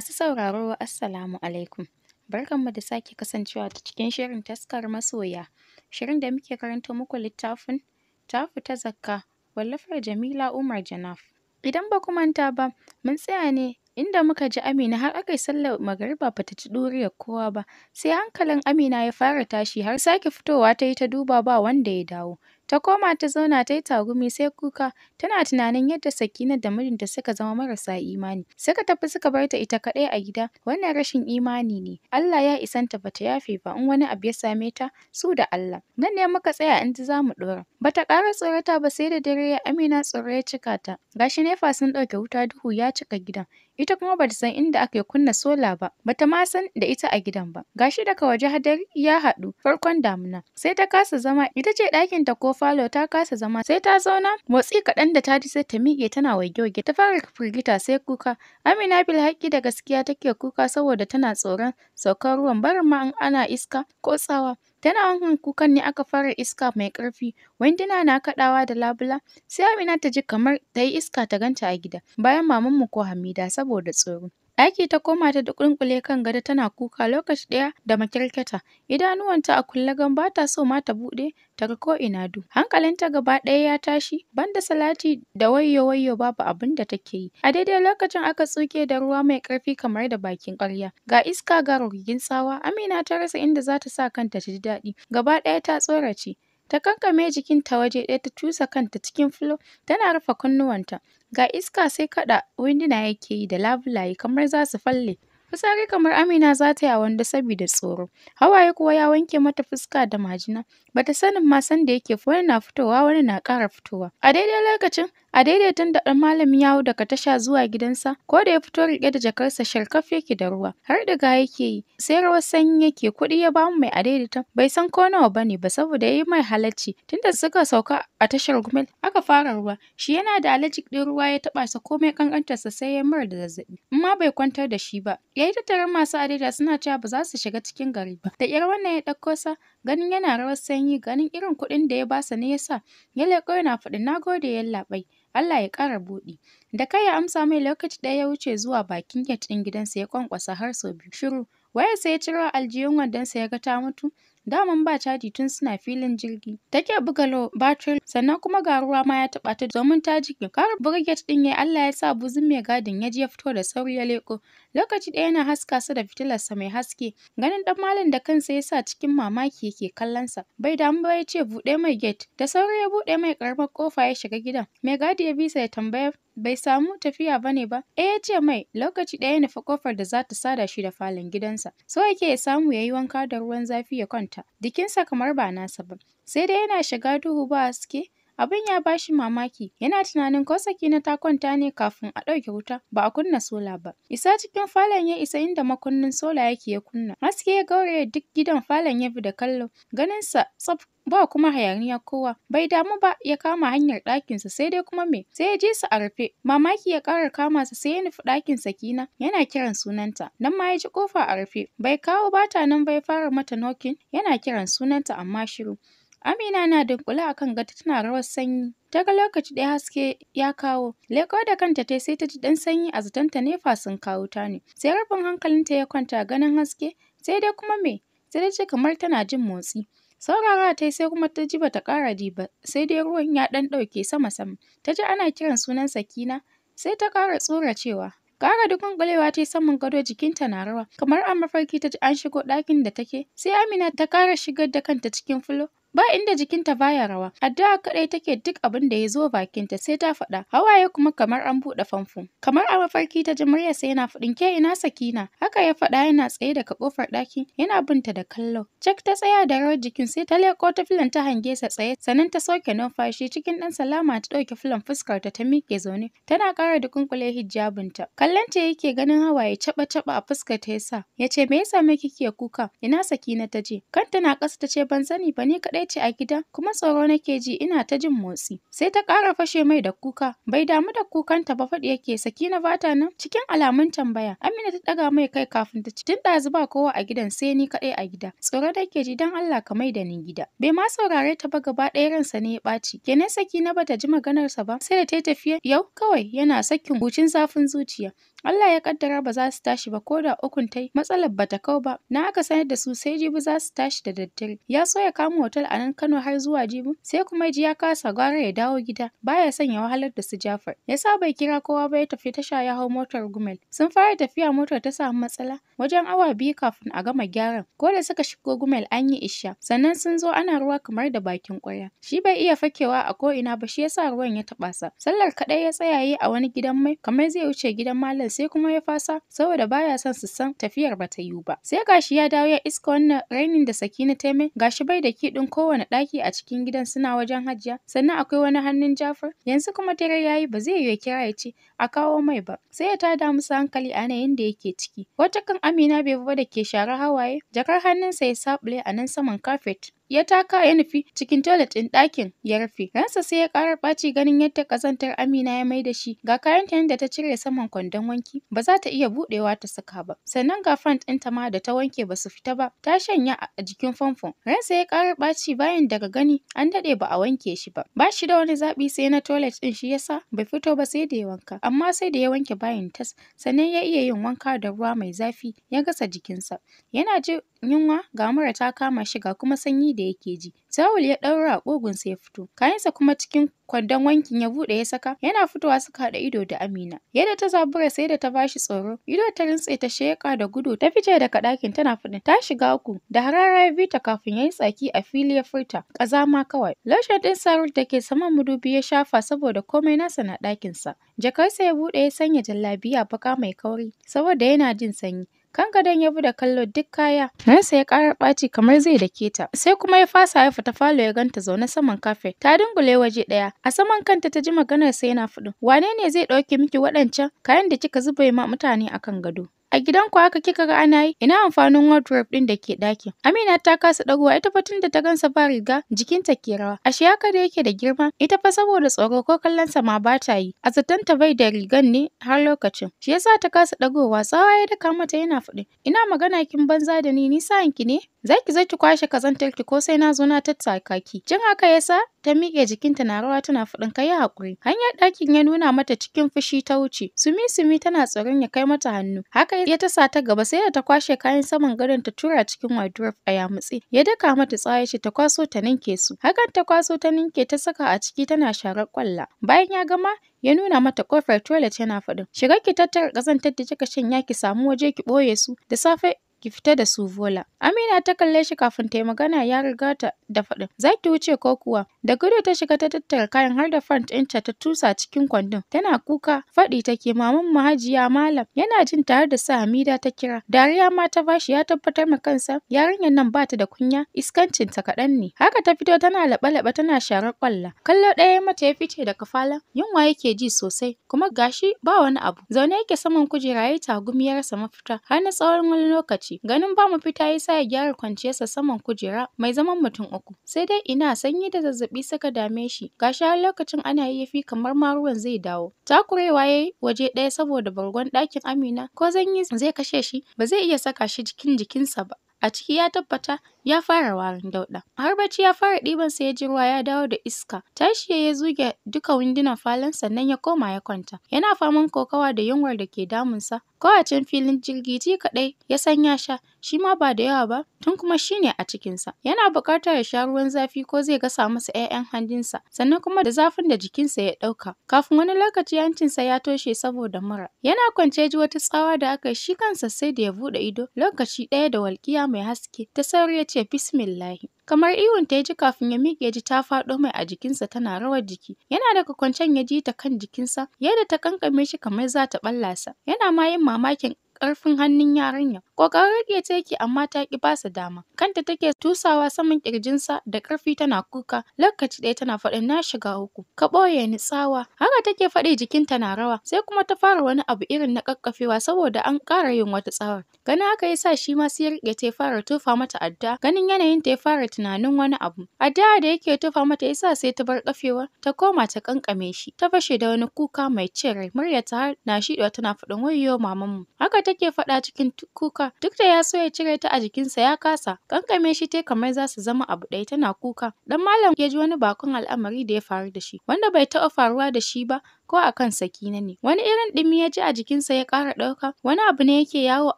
Masu sauraro Assalamu alaikum. Barkanmu da sake kasancewa ta cikin shirin taskar masoya. Shirin da muke karanta muku littafin tafi ta Zakka wallafar Jamila Umar Janaf. Idan ba ku manta ba, mun tsaya ne inda muka ji Amina har aka yi sallar magariba ba ta ci ɗuriyar kowa ba, sai hankalin Amina ya fara tashi har sake fitowa ta yi ta duba ba wanda ya dawo. Ta koma ta zauna ta yi tagumi sai kuka, tana tunanin yadda Sakina da mijinta suka zama marasa imani. Suka tafi suka bar ta ita kaɗai a gida, wannan rashin imani ne. Allah ya isanta ba ta yafe ba in wani abu ya same ta su da Allah. Nan ne muka tsaya in ji za mu ɗora. Bata ta ƙara tsorata ba sai da dare ya Amina tsoro ya cika ta. Gashi nefa sun ɗauke wuta duhu ya cika gidan. ita kuma bata san inda aka kunna sola ba, bata ma san da ita a gidan ba. Gashi daga waje hadari ya haɗu farkon damuna, sai ta kasa zama, ita ce ɗakin ta ko falo ta kasa zama, sai ta zauna motsi kaɗan da ta ji sai ta miƙe tana waige-waige, ta fara firgita sai kuka. Amina Bilhaki da gaskiya take kuka saboda tana tsoron saukar ruwan barin ma in ana iska ko tsawa. Tana wankan kukan ne aka fara iska mai ƙarfi, wanduna na kaɗawa da labula, sai Amina ta ji kamar ta yi iska ta ganta a gida, bayan mamanmu ko Hamida saboda tsoro. Ɗaki ta koma ta dukunkule kan gado tana kuka lokaci ɗaya da makyarkyata. Idanuwanta a kulle gan ba ta so ma ta buɗe ta ga ko'ina du. Hankalinta gaba ɗaya ya tashi banda salati da wayyo wayyo babu abin da take yi. A daidai lokacin aka tsuke da ruwa mai karfi kamar da bakin karya. Ga iska ga rugugin tsawa Amina ta rasa inda za ta sa kanta ta ji daɗi. Gaba ɗaya ta tsorace. Ta kankame jikinta waje ɗaya ta cusa kanta cikin filo. tana rufe kunnuwanta. Ga iska sai kaɗa winduna yake yi da labulaye kamar za su falle. Fitsari kamar Amina za ta yi a wanda saboda tsoro. Hawaye kuwa ya wanke mata fuska da majina. Bata sanin ma sanda yake wani na fitowa wani na ƙara fitowa. A daidai lokacin A daidaitun da ɗan malam ya hau daga tasha zuwa gidansa, ko da ya fito riƙe da jakarsa sharkaf yake da ruwa, har ɗiga yake yi, sai rawar sanyi yake kuɗi ya bamu mai adaidaitan, bai san ko nawa ba ne ba saboda ya yi mai halacci. Tunda suka sauka a tashar Gumel aka fara ruwa, shi yana da alajik ɗin ruwa ya taɓa sa komai ƙanƙantarsa sai ya mura da zazzaɓi, amma bai kwantar da shi ba. Ya yi tattarin masu adaida suna cewa ba za su shiga cikin gari ba. Da ƙyar wannan ya ɗauko sa, ganin yana rawar sanyi, ganin irin kuɗin da ya basa ne ya sa, ya leƙo yana faɗin na gode yallaɓai. Allah ya ƙara buɗi. Da kai ya amsa mai lokaci ɗaya ya wuce zuwa bakin gate ɗin gidansa ya kwankwasa har sau biyu shiru. Wayar sai ya ciro aljihun wandonsa ya ga ta mutu. Daman ba caji tun suna filin jirgi. Take buga lo batir sannan kuma ga ruwa ma ya taɓa ta domin ta jike. Kar get ɗin ya Allah ya sa buzun mai gadin ya ji ya fito da sauri ya leƙo. lokaci ɗaya yana haska su da sa mai haske. Ganin ɗan malam da kansa ya sa cikin mamaki yake kallonsa. Bai damu ba ya ce buɗe mai gate. Da sauri ya buɗe mai ƙaramar ƙofa ya shiga gidan. Mai gadi ya bisa ya tambaya bai samu tafiya ba ne ba. E ya ce mai lokaci ɗaya ya nufi ƙofar da za ta sada shi da falon gidansa. So yake ya samu ya yi wanka da ruwan zafi ya kwanta. Jikinsa kamar ba nasa ba. Sai dai yana shiga duhu ba haske. Abun ya bashi mamaki, yana tunanin ko Sakina ta kwanta ne kafin a ɗauke wuta ba a kunna sola ba. Isa cikin falon ya isa inda makunnin sola yake ya kunna. Haske ya gauraya duk gidan falon ya bi da kallo, ganinsa tsaf ba kuma hayaniya kowa. Bai damu ba ya kama hanyar ɗakinsa sai dai kuma me sai ya je su a rufe. Mamaki ya ƙara kama sa sai ya nufi ɗakin Sakina yana kiran sunanta. Nan ma ya ji ƙofa a rufe. Bai kawo bata nan ba ya fara mata nokin yana kiran sunanta amma shiru. Amina na dunƙule a kan gado tana rawar sanyi. Ta ga lokaci ɗaya haske ya kawo, leƙo da kanta tai sai ta ji ɗan sanyi a zaton ta nefa sun kawo ta ne. Sai rufin hankalinta ya kwanta ganin haske, sai dai kuma me? Sai dai ce kamar tana jin motsi. Saurara ta sai kuma ta ji bata ƙara ji ba, sai dai ruwan ya ɗan ɗauke sama-sama. Ta ji ana kiran sunan Sakina, sai ta ƙara tsoracewa. Kara dukunkulewa ta yi saman gado jikinta na rawa, kamar a mafarki ta ji an shigo ɗakin da take, sai Amina ta ƙara shigar da kanta cikin fulo, ba inda jikinta baya rawa addu'a kadai take duk abin da ya zo bakinta sai ta faɗa hawaye kuma kamar an buɗe famfo kamar a mafarki ta ji sai yana faɗin ke ina sakina haka ya faɗa yana tsaye daga kofar ɗaki yana binta da kallo jack ta tsaya da rawar jikin sai ta leko ta filan ta hange sa tsaye sannan ta soke numfashi cikin ɗan salama ta ɗauke filan fuskar ta ta miƙe zaune tana ƙara dukunkule hijabinta kallon ta yake ganin hawaye caɓa caba a fuskar ta yasa ya ce me yasa me kike kuka ina sakina ta je kanta na ƙasa ta ban sani ba ni kaɗai kaɗai ce a gida? kuma tsoro nake ji ina ta jin motsi. Sai ta ƙara fashe mai da kuka, bai damu da kukanta ba faɗi yake Sakina bata nan cikin alamun tambaya. Amina ta ɗaga mai kai kafin ta ci tun ɗazu ba kowa a gidan sai ni kaɗai a gida. Tsoro nake ji dan Allah ka mai da ni gida. Bai ma saurare ta ba gaba ɗaya ransa ne ya ɓaci. Kenan Sakina bata ji maganarsa ba sai da ta tafiya yau kawai yana sakin hucin zafin zuciya. Allah ya kaddara ba za su tashi ba ko da ukun tai matsalar ta kau ba na aka sanar da su sai jibi za su tashi da daddare ya so ya kama hotel a nan Kano har zuwa jibi sai kuma ji ya kasa gwara ya dawo gida baya son ya wahalar da su Jafar Ya sa bai kira kowa ba ya tafi tasha ya hau motar Gumel sun fara tafiya motar ta samu matsala wajen awa biyu kafin a gama gyaran ko da suka shigo Gumel an yi isha sannan sun zo ana ruwa kamar da bakin ƙwarya shi bai iya fakewa a ko ina ba shi ya sa ruwan ya taɓa sa sallar kaɗai ya tsaya a wani gidan mai kamar zai wuce gidan malam sai kuma ya fasa saboda baya son su san tafiyar ba ta yiwu ba. Sai gashi ya dawo ya iska wannan rainin da saki na mai gashi bai da kiɗin kowane ɗaki a cikin gidan suna wajen Hajiya sannan akwai wani hannun Jafar yanzu kuma ya yayi ba zai yiwu ya kira ya ce a kawo mai ba sai ya tada musu hankali a yanayin da yake ciki. Wata kan Amina bai da ke shara hawaye jakar hannunsa ya saɓule a nan saman kafet ya taka ya nufi cikin toilet ɗin ɗakin ya rufe. Ransa sai ya ƙara ɓaci ganin yadda ƙazantar Amina ya maida shi. Ga kayan kayanta yadda ta cire saman kwandon wanki ba za ta iya buɗewa ta saka ba. Sannan ga front ta ma da ta wanke ba su fita ba ta shanya a jikin famfon. Ransa ya ƙara ɓaci bayan daga gani an daɗe ba a wanke shi ba. Ba shi da wani zaɓi sai na toilet ɗin shi ya sa, bai fito ba sai da ya wanka. Amma sai da ya wanke bayan tas sannan ya iya yin wanka da ruwa mai zafi ya gasa jikinsa. Yana jin yunwa ga mura ta kama shi ga kuma sanyi da da yake ji. Tawul ya ɗaura a ƙugunsa ya fito, kayansa kuma cikin kwandon wankin ya buɗe ya saka, yana fitowa suka haɗa ido da Amina. Yadda ta zabura sai da ta bashi tsoro, ido ta rintse ta sheƙa da gudu ta fice daga ɗakin tana faɗin ta shiga uku, da harara ya bi ta kafin ya yi tsaki a fili ya furta, ƙazama kawai. Laushin ɗin Sarul da ke saman madubi ya shafa saboda komai nasa na ɗakinsa. Jakarsa ya buɗe ya sanya jallabiya baka mai kauri, saboda yana jin sanyi. Kan Kankadan ya bi da kallo duk kaya, ransa ya kara ɓaci kamar zai ke ta. Sai kuma ya fasa ya fita falo ya ganta zaune saman kafe, ta dungule waje ɗaya. A saman kanta ta ji maganar sai yana fudu wane ne zai ɗauke miki waɗancan kayan da kika zuba ma mutane akan gado? A gidanku haka kika ga ana yi? Ina amfanin wardrobe ɗin da ke ɗakin? Amina ta kasa ɗagowa ita fa tunda ta gansa ba riga jikinta ke rawa. A shi haka da yake da girma ita fa saboda tsoro ko kallonsa ma ba ta yi. A ta bai da rigan ne har lokacin. Shi yasa ta kasa ɗagowa tsawa ya daka mata yana faɗin ina magana kin banza da ni ni yanki ne? Za ki zo ki kwashe kazantar ki ko sai na zo na tattaka ki. Jin haka yasa ta miƙe jikinta na rawa tana faɗin kai haƙuri. Hanyar ɗakin ya nuna mata cikin fushi ta wuce. Sumi sumi tana tsoron ya kai mata hannu. Haka ya tasa ta gaba sai da ta kwashe kayan saman gadon ta tura cikin wardrobe a yamutse. Ya daka mata tsaye ce ta kwaso ta ninke su. Hakan ta kwaso ta ninke ta saka a ciki tana sharar kwalla. Bayan ya gama ya nuna mata kofar toilet yana faɗin shiga ki tattara ƙazantar da kika shanya ki samu waje ki ɓoye su da safe ki fita da su Vola. Amina ta kalle shi kafin ta yi magana ya riga ta da faɗin. Za ki wuce ko kuwa? Da gudu ta shiga ta tattara kayan har da front ɗinta ta tusa cikin kwandon. Tana kuka faɗi take maman mahajiya malam yana jin tare da sa Hamida ta kira. Dariya ma ta bashi ya tabbatar ma kansa yarinyar nan ba ta da kunya iskancin ta kaɗan ne. Haka ta fito tana laɓa-laɓa tana sharar kwalla. Kallo ɗaya mata ya fice da kafala yunwa yake ji sosai kuma gashi ba wani abu. Zaune yake saman kujera ya tagumi ya rasa mafita har na tsawon wani lokaci. Ganin ba fita ya sa ya gyara kwanciyarsa saman kujera mai zaman mutum uku. Sai dai ina sanyi da zazzaɓi suka dame shi. Ga lokacin ana yafi kamar ma ruwan zai dawo. Takurewa ya yi waje ɗaya saboda bargon ɗakin Amina ko zanyi zai kashe shi ba zai iya saka shi cikin jikinsa ba. a ciki ya tabbata ya fara warin dauɗa. Har bacci ya fara ɗiban sa ya ji ruwa ya dawo da iska. Tashi ya zuge duka windunan falon sannan ya koma ya kwanta. Yana faman kokawa da yunwar da ke damunsa Kowacen filin jirgi ji kaɗai ya sanya sha, shi ma ba da yawa ba tun kuma shi ne a cikinsa. Yana buƙatar ya sha ruwan zafi ko zai gasa masa ‘ya'yan hanjinsa sannan kuma da zafin da jikinsa ya ɗauka. Kafin wani lokaci 'yancinsa ya toshe saboda mura. Yana kwance ji wata tsawa da aka shi kansa sai da ya buɗe ido lokaci ɗaya da walƙiya mai haske ta sauri ya ce bismillahi. Kamar iwon ta ya ji kafin ya miƙe ji ta faɗo mai a jikinsa tana rawar jiki. Yana daga kwancen ya ji ta kan jikinsa yadda ta kankame shi kamar za ta ɓalla sa. Yana ma yin mamakin ƙarfin hannun yarinya Ƙoƙarin riƙe ta yake amma ta ƙi ba sa dama. Kanta take tusawa saman ƙirjinsa da ƙarfi tana kuka. Lokaci ɗaya tana faɗin na shiga uku. Ka ɓoye ni tsawa. Haka take faɗi jikinta na rawa. Sai kuma ta fara wani abu irin na ƙaƙƙafewa saboda an ƙara yin wata tsawar. Ganin haka ya sa shi ma sai ya riƙe ta ya fara tufa mata adda. Ganin yanayin ta ya fara tunanin wani abu. Adda da yake tufa mata ya sa sai ta bar ƙafewar ta koma ta ƙanƙame shi. Ta fashe da wani kuka mai cin rai. Muryarta har na shiɗewa tana faɗin wayyo mamanmu. Haka ta take faɗa cikin kuka duk da ya so ya cire ta a jikinsa ya kasa kankame shi ta kamar za su zama abu ɗaya tana kuka dan malam ya ji wani bakon al'amari da ya faru da shi wanda bai taɓa faruwa da shi ba ko a kan Sakina ne. Wani irin ɗumi ya ji a jikinsa ya ƙara ɗauka, wani abu ne yake yawo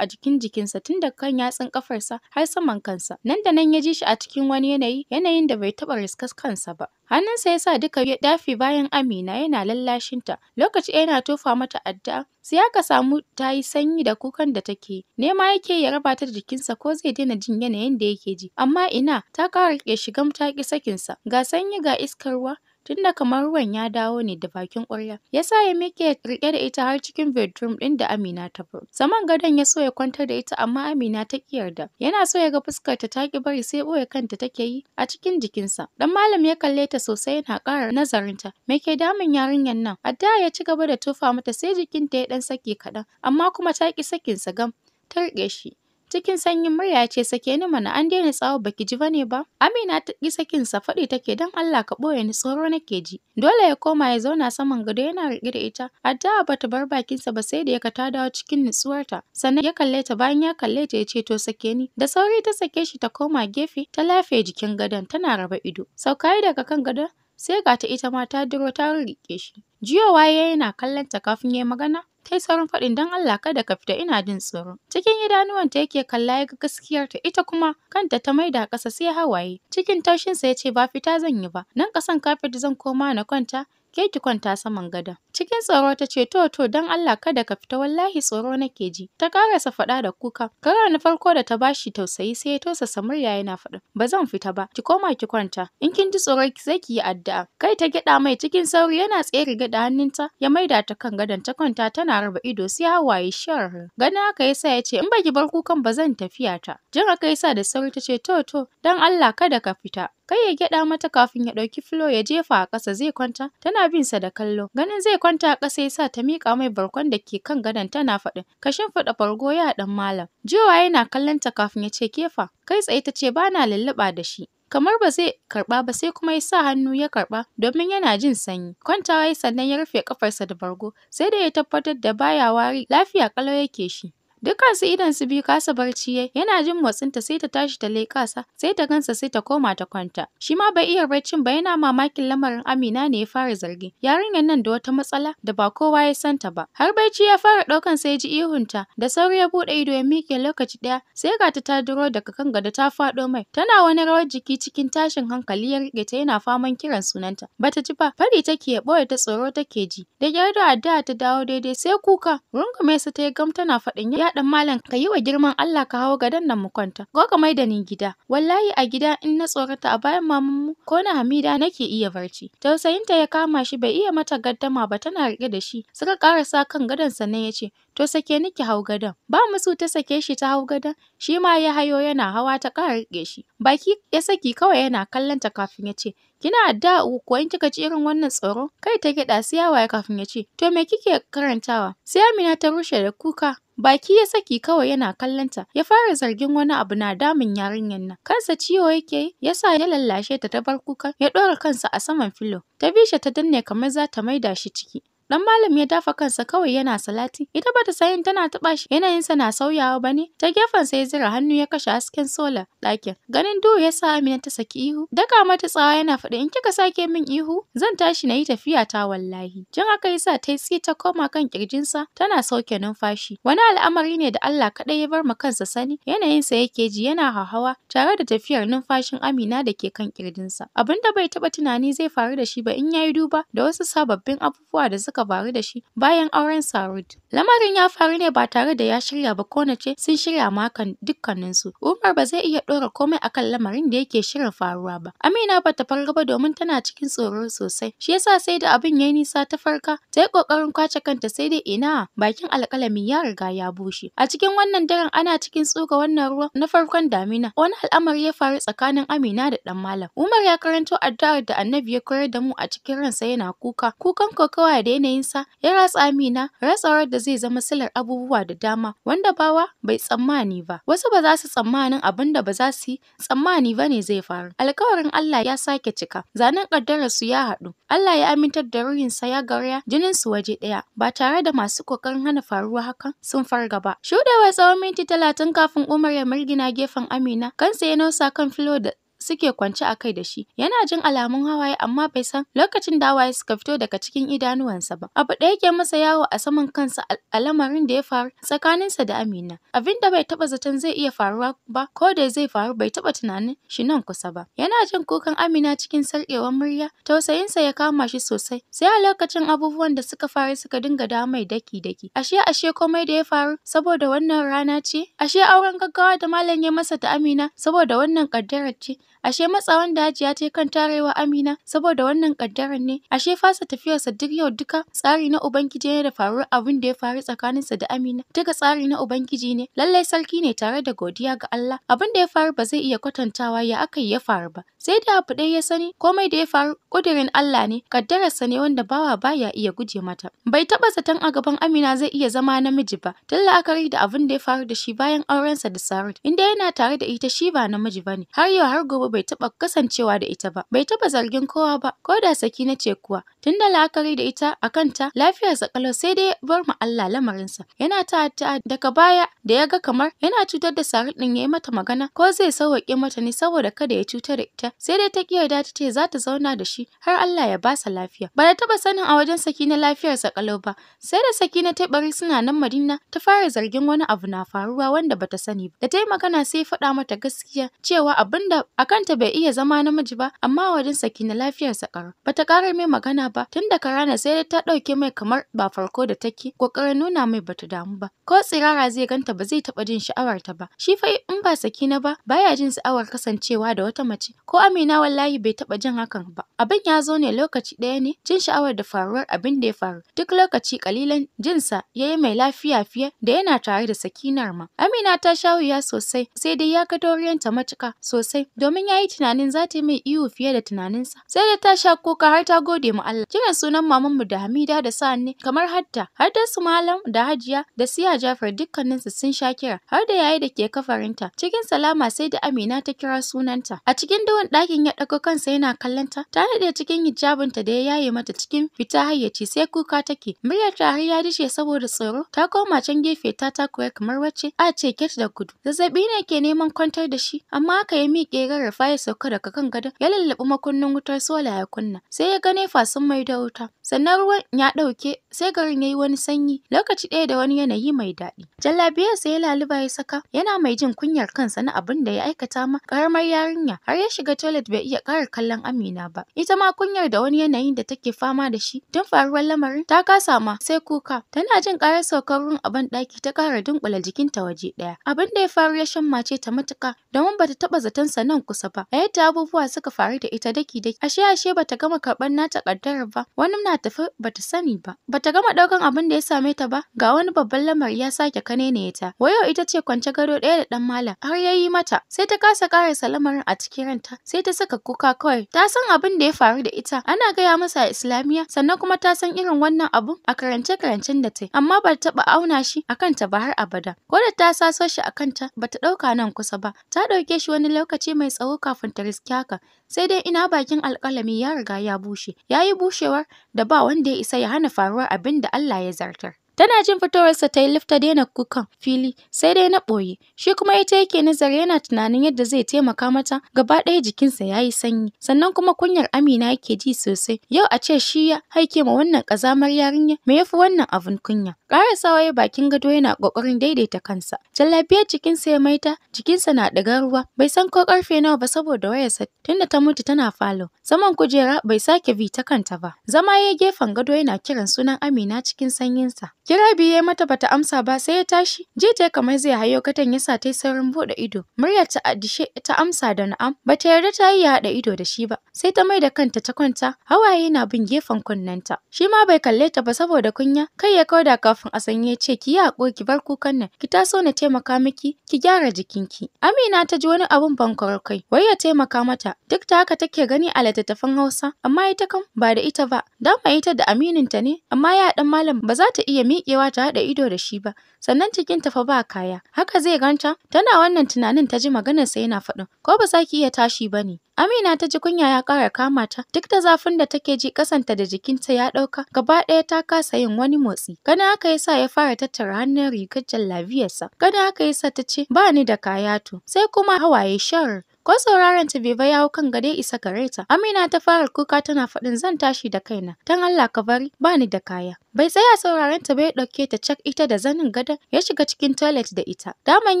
a jikin jikinsa tun da kan yatsun ƙafarsa har saman kansa. Nan da nan ya ji shi a cikin wani yanayi, yanayin da bai taɓa riskas kansa ba. Hannunsa ya sa duka ya dafi bayan Amina yana lallashinta, lokaci yana tofa mata adda'a. sai aka samu ta yi sanyi da kukan da take. Nema yake ya raba ta da jikinsa ko zai daina jin yanayin da yake ji, amma ina ta ƙara ya shiga ta sakinsa, ga sanyi ga iskar ruwa, tunda kamar ruwan ya dawo ne da bakin ƙwarya sa ya miƙe riƙe da ita har cikin bedroom ɗin da Amina ta bar. Zaman gadon ya so ya kwantar da ita amma Amina ta ƙi yarda. Yana so ya ga fuskar ta ta ƙi bari sai ɓoye kanta take yi a cikin jikinsa. ɗan malam ya kalle ta sosai yana ƙara nazarinta. Me ke damun yarinyar nan? A Adda ya ci gaba da tufa mata sai jikinta ya ɗan saki kaɗan amma kuma ta ƙi sakinsa gam. ta riƙe shi Cikin sanyin murya ce sake ni mana an daina tsawo baki ji bane ba. Amina ta ki sakin sa faɗi take dan Allah ka boye ni tsoro nake ji. Dole ya koma ya zauna saman gado yana riƙe da ita. Addu'a bata bar bakinsa ba sai da yaka ta dawo cikin nutsuwarta. Sannan ya kalle ta bayan ya kalle ta ya ce to sake ni. Da sauri ta sake shi ta koma gefe ta lafe jikin gadon tana raba ido. saukai daga kan gadon sai ga ta ita ma ta duro ta rike shi. Jiyowa ya yana kallon ta kafin yayi magana. Ta yi saurin faɗin don Allah kada ka fita ina jin tsoro. Cikin idanuwanta yake kalla ya ga gaskiyarta ita kuma kanta ta maida ƙasa sai hawaye. Cikin taushinsa ya ce ba fita zan yi ba. Nan ƙasan kafet zan koma na kwanta ke ki kwanta saman gadon. Cikin tsoro ta ce, To, to, don Allah kada ka fita wallahi tsoro nake ji. Ta karasa faɗa da kuka. Karar na farko da ta bashi tausayi sai ya samur ya yana faɗa. Ba zan fita ba, ki koma ki kwanta. In kin ji tsoro sai ki yi addu'a. Kai ta gyaɗa mai cikin sauri yana tsere da hannunta ya maida ta kan gadon ta kwanta tana raba ido sai hawaye shar. Ganin haka yasa ya ce, In ba ki bar kukan ba zan tafiya ta. Jin haka yasa da sauri ta ce, To, to, don Allah kada ka fita. Kai ya gyaɗa mata kafin ya ɗauki filo ya jefa a ƙasa zai kwanta. Tana bin sa da kallo. Ganin zai kwanta kwanta a ƙasa yasa ta miƙa mai barkon da ke kan gadon tana faɗin ka shimfiɗa bargo ya ɗan malam. Jiwa yana kallon ta kafin ya ce kefa kai tsaye ta ce ba na lulluɓa da shi. kamar ba zai karɓa ba sai kuma ya sa hannu ya karɓa domin yana jin sanyi. Kwantawa ya sannan ya rufe ƙafarsa da bargo sai da ya tabbatar da baya wari lafiya ƙalau yake shi. Dukansu su biyu kasa barci yai, yana jin motsinta sai ta tashi ta leƙa sai ta gansa sai ta koma ta kwanta. Shi ma bai iya barcin ba yana mamakin lamarin Amina ne ya fara zargi. Yarinyar nan da wata matsala da ba kowa ya santa ba. Har barci ya fara ɗaukan sai ji ihunta, da sauri ya buɗe ido ya miƙe lokaci ɗaya, sai ga ta ta duro daga kan gado ta faɗo mai. Tana wani rawar jiki cikin tashin hankali ya riƙe ta yana faman kiran sunanta. Bata ji ba, fari take ya ɓoye ta tsoro take ji. Da kyar da addu'a ta dawo daidai sai kuka. Rungume su ta yi gam tana faɗin ya ɗan dan malam ka yi wa girman Allah ka hawo gadon nan mu kwanta ko ka mai da ni gida wallahi a gida in na tsorata a bayan mu ko na Hamida nake iya barci tausayinta ya kama shi bai iya mata gaddama ba tana rike da shi suka sa kan gadon sannan ya ce to sake ni ki hau gadon. Ba mu su ta sake shi ta hau gadon, shi ma ya hayo yana hawa ta ƙara riƙe shi. Baki ya saki kawai yana kallon ta kafin ya ce, kina addu'a uku ko in kika ci irin wannan tsoro? Kai ta gyaɗa sai ya kafin ya ce, to me kike karantawa? Sai Amina ta rushe da kuka. Baki ya saki kawai yana kallonta, ya fara zargin wani abu na damun yarinyar nan. Kansa ciwo yake yi, ya sa ya lallashe ta ta bar kuka ya ɗora kansa a saman filo. Ta bi ta danne kamar za ta maida shi ciki. Dan malam ya dafa kansa kawai yana salati. Ita bata sayin tana taba shi yanayinsa na sauyawa ba ne. Ta gefen sai zira hannu ya kashe hasken sola ɗakin. Ganin duhu ya sa Amina ta saki ihu. Daka mata tsawa yana faɗi in kika sake min ihu zan tashi na yi tafiya ta wallahi. Jin aka yi sa ta yi ta koma kan kirjinsa tana sauke numfashi. Wani al'amari ne da Allah kaɗai ya bar ma kansa sani yanayinsa yake ji yana hauhawa tare da tafiyar numfashin Amina da ke kan kirjinsa. Abin da bai taɓa tunani zai faru da shi ba in ya yi duba da wasu sababbin abubuwa da suka suka faru da shi bayan auren Sarud. Lamarin ya faru ne ba tare da ya shirya ba ko ce sun shirya makan dukkaninsu. Umar ba zai iya ɗora komai akan lamarin da yake shirin faruwa ba. Amina ba ta farga ba domin tana cikin tsoro sosai. Shi yasa sai da abin ya yi nisa ta farka, ta yi ƙoƙarin kwace kanta sai dai ina bakin alƙalami ya riga ya bushe. A cikin wannan daren ana cikin tsuga wannan ruwa na farkon damina. Wani al'amari ya faru tsakanin Amina da ɗan malam. Umar ya karanto addu'ar da Annabi ya koyar da mu a cikin ransa yana kuka. Kukan kokawa da yanayin yanayinsa ya ratsa Amina ratsawar da zai zama silar abubuwa da dama wanda bawa bai tsammani ba. Wasu ba za su tsammanin abin da ba za su yi tsammani ba ne zai faru. Alkawarin Allah ya sake cika, zanen su ya haɗu. Allah ya amintar da ruhinsa ya garya su waje ɗaya ba tare da masu ƙoƙarin hana faruwa hakan sun farga ba. Shuɗewar tsawon minti talatin kafin Umar ya mirgina gefen Amina kansa ya nausa kan filo da suke kwance a kai da shi. Yana jin alamun hawaye amma bai san lokacin da hawaye suka fito daga cikin idanuwansa ba. Abu ɗaya ke masa yawo a saman kansa al'amarin da ya faru tsakaninsa da Amina. Abin da bai taɓa zaton zai iya faruwa ba ko da zai faru bai taɓa tunanin shi nan kusa ba. Yana jin kukan Amina cikin sarƙewar murya, tausayinsa ya kama shi sosai. Sai a lokacin abubuwan da suka faru suka dinga dawo mai daki-daki. Ashe ashe komai da ya faru saboda wannan rana ce? Ashe auren gaggawa da malam ya masa ta Amina saboda wannan ƙaddarar ce? Ashe matsawan da Hajiya ta kan tarewa Amina saboda wannan kaddaran ne? Ashe fasa tafiyarsa duk yau duka tsari na Ubangiji ne da faruwar abin da ya faru tsakaninsa da Amina. Duka tsari na Ubangiji ne. Lallai sarki ne tare da godiya ga Allah. Abin da ya faru ba zai iya kwatantawa ya aka yi ya faru ba. sai da abu ɗaya ya sani komai da ya faru ƙudurin Allah ne kaddararsa ne wanda bawa baya iya guje mata bai taɓa zaton a gaban Amina zai iya zama namiji ba tun la'akari da abin da ya faru da shi bayan aurensa da Sarut inda yana tare da ita shi ba namiji bane har yau har gobe bai taɓa kasancewa da ita ba bai taɓa zargin kowa ba ko da saki na ce kuwa tun da la'akari da ita a kanta lafiyarsa sakalau sai dai bar mu Allah lamarinsa yana ta daga baya da ya ga kamar yana cutar da Sarut din ya yi mata magana ko zai sauwaƙe mata ne saboda kada ya cutar da ita sai dai ta kiyarda ta ce za ta zauna da shi har Allah ya ba sa lafiya. Ba da taɓa sanin a wajen Sakina lafiyarsa kalau ba, sai da Sakina ta bari suna nan Madina ta fara zargin wani abu na faruwa wanda bata sani ba. Da ta yi magana sai faɗa mata gaskiya cewa abinda a kanta bai iya zama namiji ba amma a wajen Sakina lafiyarsa ba ta ƙara mai magana ba tun da karana sai dai ta ɗauke mai kamar ba farko da take ƙoƙarin nuna mai bata damu ba. Ko tsirara zai ganta ba zai taɓa jin sha'awarta ba. Shi fa in ba Sakina ba baya jin sha'awar kasancewa da wata mace ko Amina wallahi bai taɓa jin hakan ba. Abin ya zo ne lokaci ɗaya ne jin sha'awar da faruwar abin da ya faru. Duk lokaci kalilan jinsa ya yi mai lafiya fiye da yana tare da sakinar ma. Amina ta sha wuya sosai sai dai ya ga doriyanta matuka sosai domin ya yi tunanin za ta yi mai ihu fiye da tunaninsa. Sai da ta sha kuka har ta gode ma Allah. Kiran sunan Maman mu da Hamida da Sa'anni kamar hatta har da su malam da Hajiya da Siya Jafar dukkaninsu sun sha kira har da yayi da ke kafarinta. Cikin salama sai da Amina ta kira sunanta. A cikin dawan Dakin ya ɗago kansa yana kallonta ta daɗe cikin hijabinta da ya yaye mata cikin fita hayyaci sai kuka take muryarta har ya dishe saboda tsoro ta koma can gefe ta ta takura kamar wacce a ce ket da gudu zazzabi ne ke neman kwantar da shi amma aka ya miƙe rarrafa ya sauka daga kan gadon ya lallaɓi makunnin wutar sola ya kunna sai ya ga nefa mai da wuta sannan ruwan ya ɗauke sai garin ya yi wani sanyi lokaci ɗaya da wani yanayi mai daɗi sai ya laluba ya saka yana mai jin kunyar kansa na abin da ya aikata ma Karamar yarinya har ya shiga toilet bai iya ƙara kallon Amina ba. Ita ma kunyar da wani yanayin da take fama da shi tun faruwar lamarin ta kasa ma sai kuka. Tana jin ƙarar saukar ruwan a banɗaki ta ƙara dunƙula jikinta waje ɗaya. Abin da ya faru ya shammace ta matuƙa domin bata taɓa zaton sa nan kusa ba. A yadda abubuwa suka faru da ita daki-daki ashe ashe bata gama karɓar nata ƙaddarar ba wani na tafi bata sani ba. Bata gama ɗaukan abin da ya same ta ba ga wani babban lamari ya sake kanene ta. Wayo ita ce kwance gado ɗaya da ɗan malam har ya yi mata sai ta kasa ƙarasa lamarin a cikin ranta sai ta saka kuka kawai ta san abin da ya faru da ita ana gaya masa a islamiyya sannan kuma ta san irin wannan abun a karance karancen da ta amma ba ta taɓa auna shi a kanta ba har abada ko da ta saso shi a kanta ba ta ɗauka nan kusa ba ta ɗauke shi wani lokaci mai tsawo kafin ta riske haka sai dai ina bakin alƙalami ya riga ya bushe ya yi bushewar da ba wanda ya isa ya hana faruwar abin da Allah ya zartar Tana jin fitowarsa ta yi lifta daina kukan fili sai dai na ɓoye, shi kuma ita yake nazari yana tunanin yadda zai taimaka mata gaba ɗaya jikinsa ya yi sanyi, sannan kuma kunyar Amina yake ji sosai. Yau a ce shi ya haike ma wannan ƙazamar yarinya me ya fi wannan abin kunya. Ƙarasawa ya bakin gado yana ƙoƙarin daidaita kansa. Jallabiyar jikinsa ya maita, jikinsa na ɗigar ruwa, bai san ko ƙarfe nawa ba saboda wayarsa tunda ta mutu tana falo. Zaman kujera bai sake bi ta kanta ba. Zama ya gefen gado yana kiran sunan Amina cikin sanyinsa. Kira biyu ya mata bata amsa ba sai ya tashi. Ji ta kamar zai hayo katan ya sa ta yi saurin buɗe ido. Muryar ta a ta amsa da na'am. ba ta yarda ta yi ya haɗa ido da shi ba. Sai ta maida kanta ta kwanta. Hawaye na bin gefen kunnenta. Shi ma bai kalle ta ba saboda kunya. Kai ya kauda kafin a sanye ya ce ki yi haƙo ki bar kukan nan. Ki taso na taimaka miki ki gyara jikinki. Amina ta ji wani abun ban kai. Wai ya taimaka mata. Duk ta haka take gani a littattafan Hausa. Amma ita kam ba da ita ba. Dama ita da amininta ne. Amma ya ɗan malam ba za ta iya Mikewa ta haɗa ido da shi ba, sannan cikinta fa ba kaya, haka zai ganta? Tana wannan tunanin ta ji maganarsa yana faɗin, ko ba za ki iya tashi ba ne? Amina ta ji kunya ya ƙara kama ta, duk da zafin da take ji kasanta da jikinta ya ɗauka, gaba ɗaya ta kasa yin wani motsi. Gani haka ya sa ya fara tattara hannun rigar jallabiyarsa, Gani haka ya sa ta ce, ba ni da kaya to, sai kuma hawaye shar. Ko sauraron ta bai ya hau kan gare isa gare ta. Amina ta fara kuka tana faɗin zan tashi da kaina. Dan Allah ka bari ba ni da kaya. Bai tsaya sauraron ta bai ɗauke ta cak ita da zanin gada? ya shiga cikin toilet da ita. Daman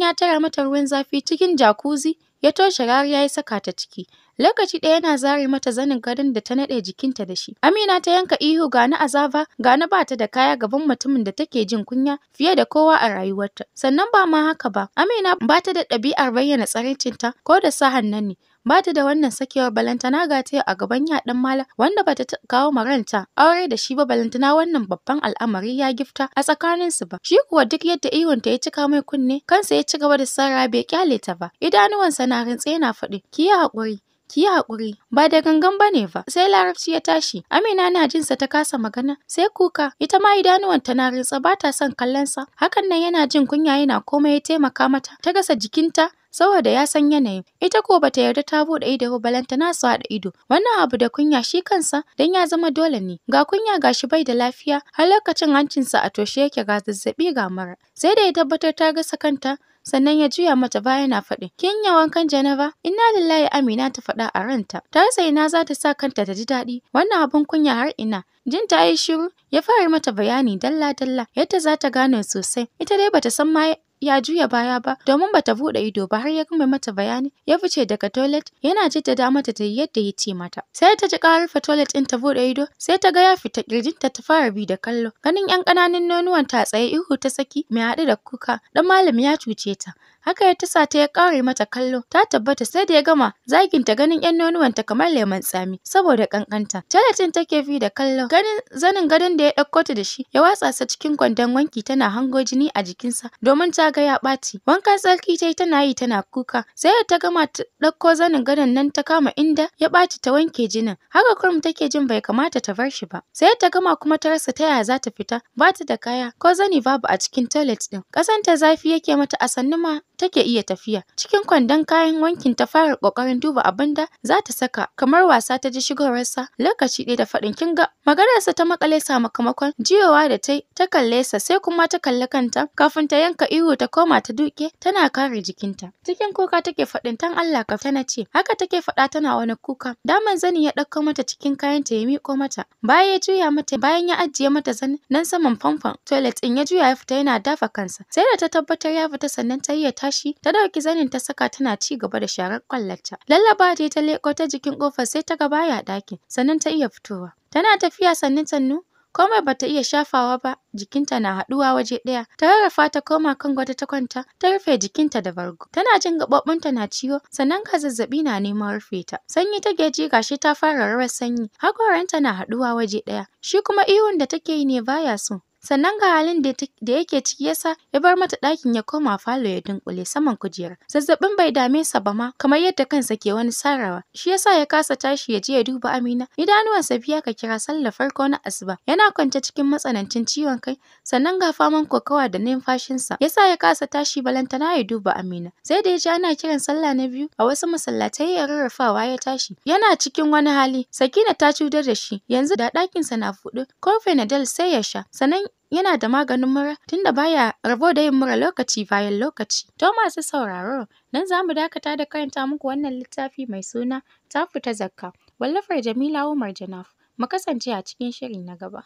ya tara mata ruwan zafi cikin jacuzzi ya toshe rariya ya saka ta ciki. Lokaci ɗaya yana zare mata zanin gadon da ta naɗe jikinta da shi. Amina ta yanka ihu ga na azaba, ga na bata da kaya gaban mutumin da take jin kunya fiye da kowa a rayuwarta. Sannan ba ma haka ba, Amina bata da ɗabi'ar bayyana tsarincinta ko da sa hannan ne. ba ta da wannan sakewar balantana ga ta a gaban Yaɗin mala wanda ba ta kawo maranta aure da shi ba balantana wannan babban al'amari ya gifta a tsakanin su ba shi kuwa duk yadda ihun ta ya cika mai kunne kansa ya ci gaba da sarra bai kyale ta ba idanuwansa na rintse yana faɗi ki yi haƙuri ki yi haƙuri ba da gangan ba ne ba sai larabci ya tashi amina na jinsa ta kasa magana sai kuka ita ma idanuwan ta na rintsa ba ta son kallon sa. hakan nan yana jin kunya yana komai ya taimaka mata ta gasa jikinta saboda ya san yanayin ita ko bata yarda ta bude ido ba na su haɗa ido wannan abu da kunya shi kansa dan ya zama dole ne ga kunya gashi bai da lafiya har lokacin hancinsa a toshe yake ga zazzabi ga mara sai da ya tabbatar ta gasa kanta sannan ya juya mata baya na faɗi kin yi wankan janaba inna lillahi amina ta faɗa a ranta ta rasa ina za ta sa kanta ta ji daɗi wannan abun kunya har ina jin ta yi shiru ya fara mata bayani dalla dalla yadda za ta gane sosai ita dai bata san ma ya juya baya ba domin bata buɗe ido ba har ya gama mata bayani ya fice daga toilet yana jaddada mata ta yi yadda ya ce mata. Sai ta ji ƙarar rufe toilet ɗin ta buɗe ido sai ta ga ya fita ƙirjinta ta fara bi da kallo ganin 'yan kananan nonuwan ta tsaye ihu ta saki mai haɗu da kuka ɗan malam ya cuce ta. haka ya tusa ta ya ƙare mata kallo ta tabbata sai da ya gama zagin ta ganin yan nonuwanta kamar lemon tsami saboda kankanta Talatin take fi da kallo ganin zanin gadon da ya ɗauko ta da shi ya watsa sa cikin kwandon wanki tana hango jini a jikinsa domin ta ga ya ɓaci wankan tsarki ta yi tana yi tana kuka sai ta gama ta ɗauko zanin gadon nan ta kama inda ya ɓaci ta wanke jinin haka kurum take jin bai kamata ta bar shi ba sai ta gama kuma ta rasa ta yaya za ta fita ba ta da kaya ko zani babu a cikin toilet ɗin kasanta zafi yake mata a sannu ma take iya tafiya. Cikin kwandon kayan wankin ta fara kokarin duba abin da za ta saka, kamar wasa ta ji shigowarsa lokaci ɗaya da faɗin kin ga. Maganarsa ta maƙale sakamakon jiyowa da ta ta kalle sa sai kuma ta kalli kanta kafin ta yanka ihu ta koma ta duke tana kare jikinta. Cikin kuka take faɗin tan Allah ka tana ce, haka take faɗa tana wani kuka. Daman zani ya ɗauko mata cikin kayanta ya miƙo mata. Bayan ya juya mata bayan ya ajiye mata zani nan saman famfon toilet ɗin ya juya ya fita yana dafa kansa. Sai da ta tabbatar ya fita sannan ta yi ta tashi ta dauki zanin ta saka tana ci gaba da sharar kwallonta. Lallaba dai ta leko ta jikin kofar sai ta ga baya ɗakin sannan ta iya fitowa. Tana tafiya sannan sannu komai bata iya shafawa ba jikinta na haɗuwa waje ɗaya ta rarrafa ta koma kan gwada ta kwanta ta rufe jikinta da bargo tana jin gaɓoɓinta na ciwo sannan ka zazzaɓi na neman rufe ta sanyi ta ji gashi ta fara rawar sanyi hakoranta na haɗuwa waje ɗaya shi kuma ihun da take yi ne baya so sannan ga halin da yake ciki yasa ya bar mata ɗakin ya koma falo ya dunkule saman kujera. zazzabin bai dame sa ba ma kamar yadda kansa ke wani sarawa shi yasa ya kasa tashi ya je ya duba Amina idanuwansa biya ka kira sallah farko na asuba yana kwance cikin matsanancin ciwon kai sannan ga faman kokawa da numfashinsa yasa ya kasa tashi balantana ya duba Amina sai da ya ji ana kiran sallah na biyu a wasu masallatai ya rarrafawa ya tashi yana cikin wani hali Sakina ta cutar da shi yanzu da sa na fuɗe ko dal sai ya sha sannan yana da maganin mura tunda baya rabo da yin mura lokaci bayan lokaci. To masu sauraro nan za mu dakata da karanta muku wannan littafi mai suna ta fita zakka wallafar Jamila Umar Janaf. Mu kasance a cikin shiri na gaba.